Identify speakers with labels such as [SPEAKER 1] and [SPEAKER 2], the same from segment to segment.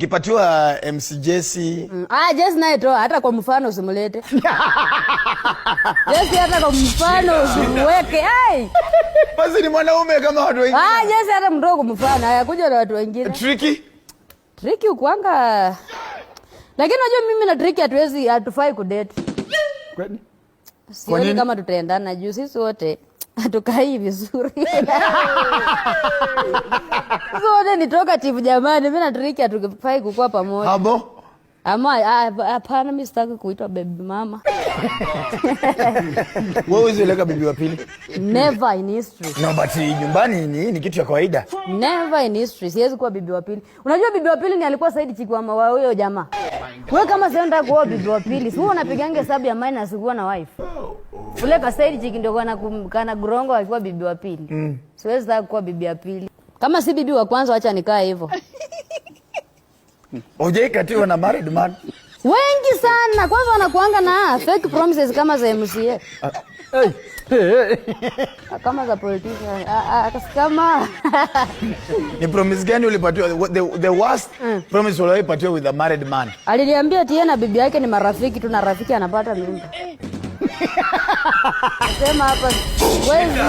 [SPEAKER 1] kipatiwa eh, MC Jesse.
[SPEAKER 2] Mm. Ah, Jesse naye toa hata kwa mfano usimlete. Jesse hata kwa mfano usimweke. Ai.
[SPEAKER 1] Basi ni mwanaume kama watu wengine.
[SPEAKER 2] Ah, Jesse hata kwa mfano, hayakuja na watu wengine. Tricky. Tricky ukwanga. Lakini unajua mimi na Tricky hatuwezi hatufai kudate. Kwani? Sioni kama tutaendana juu sisi wote atukai vizuri zote ni tivu jamani, mi natriki Triki kukua pamoja habo ama hapana, mi sitaki kuitwa baby mama.
[SPEAKER 1] Wewe hizo leka bibi wa pili?
[SPEAKER 2] Never in history.
[SPEAKER 1] No, but nyumbani ni ni kitu ya kawaida.
[SPEAKER 2] Never in history. Siwezi kuwa bibi wa pili. Unajua bibi wa pili ni alikuwa Saidi Chikwama wa huyo jamaa. Wewe kama sio unataka kuoa bibi wa pili, si wewe unapigange hesabu ya minus kuwa na wife. Oh. Ule Kasaidi chiki ndio kana, kana Gurongo alikuwa bibi wa pili mm. Siwezi taka kuwa bibi wa pili kama si bibi wa kwanza, wacha nikaa hivyo
[SPEAKER 1] Ojaikatiwa na married man
[SPEAKER 2] wengi sana kwanza wanakuanga na fake promises kama za MCA ah, ah, kama za politician ah, kama
[SPEAKER 1] ni promise gani ulipatiwa? The, the worst mm. promise ulipatiwa with a married man,
[SPEAKER 2] aliliambia tiye na bibi yake ni marafiki tu na rafiki anapata mimba Nasema hapa siwezi.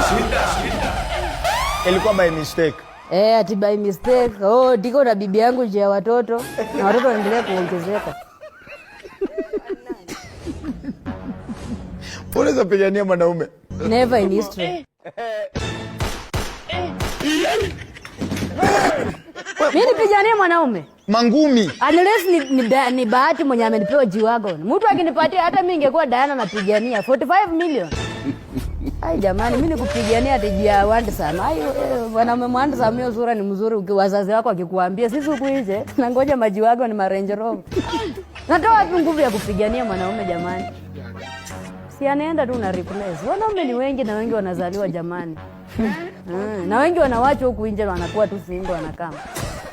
[SPEAKER 1] Ilikuwa by mistake.
[SPEAKER 2] Eh, ati by mistake. Oh, ndiko na bibi yangu nje ya watoto na watoto wanaendelea kuongezeka.
[SPEAKER 1] Pole za pigania mwanaume?
[SPEAKER 2] Never in history. Eh, eh, eh. Mimi nipiganie mwanaume
[SPEAKER 1] mangumi
[SPEAKER 2] unless ni, ni, ni bahati mwenye amenipewa jiwagon. Mtu akinipatia hata mimi ingekuwa Diana napigania 45 million. Ai jamani, mimi nikupigania tijia wande sana. Ai wanaume mwandi sana, mimi uzuri ni mzuri, wazazi wako akikuambia sisi huku nje na ngoja maji wako ni Range Rover. Natoa wapi nguvu ya kupigania mwanaume jamani? Si anaenda tu na replace. Wanaume ni wengi na wengi wanazaliwa jamani. Eh, na wengi wanawachwa huku nje wanakuwa tu singo wanakaa.